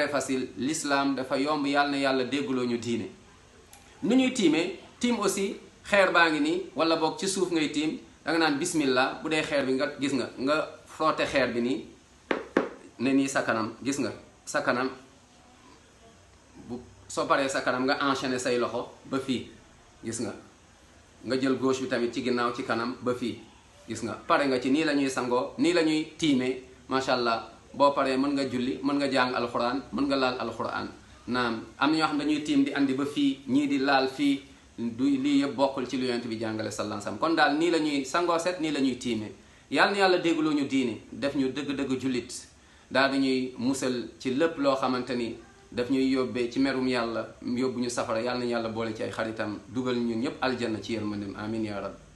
très facile l'islam dafa yomb yàlla na yàlla déggloo ñu diine nu ñuy tiime tiim aussi xeer baa ngi nii wala boog ci suuf ngay tiim da nga naan bismillah bu dee xeer bi nga gis nga nga frotte xeer bi nii ne nii sa kanam gis nga sa kanam bu soo paree sa kanam nga enchaîner say loxo ba fii gis nga nga jël gauche bi tamit ci ginnaaw ci kanam ba fii gis nga pare nga ci nii lañuy ñuy sangoo nii lañuy tiime tiimee macha allah boo paree mën nga julli mën nga jàng alxuraan mën nga laal alxuraan naam am na ñoo xam dañuy tiim di andi ba fii ñii di laal fii du lii yëpp bokkul ci lu yonent bi jàngale sallallahu alayhi kon daal nii la ñuy sangoo set nii la ñuy tiimee yàlla yàlla déglu ñu diine def ñu dëgg-dëgg jullit daal di ñuy musal ci lépp loo xamante ni daf ñuy yóbbee ci merum yàlla yóbbu ñu safara yàlla na yàlla boole ci ay xaritam dugal ñu ñëpp aljanna ci yërmandeem amin ya rab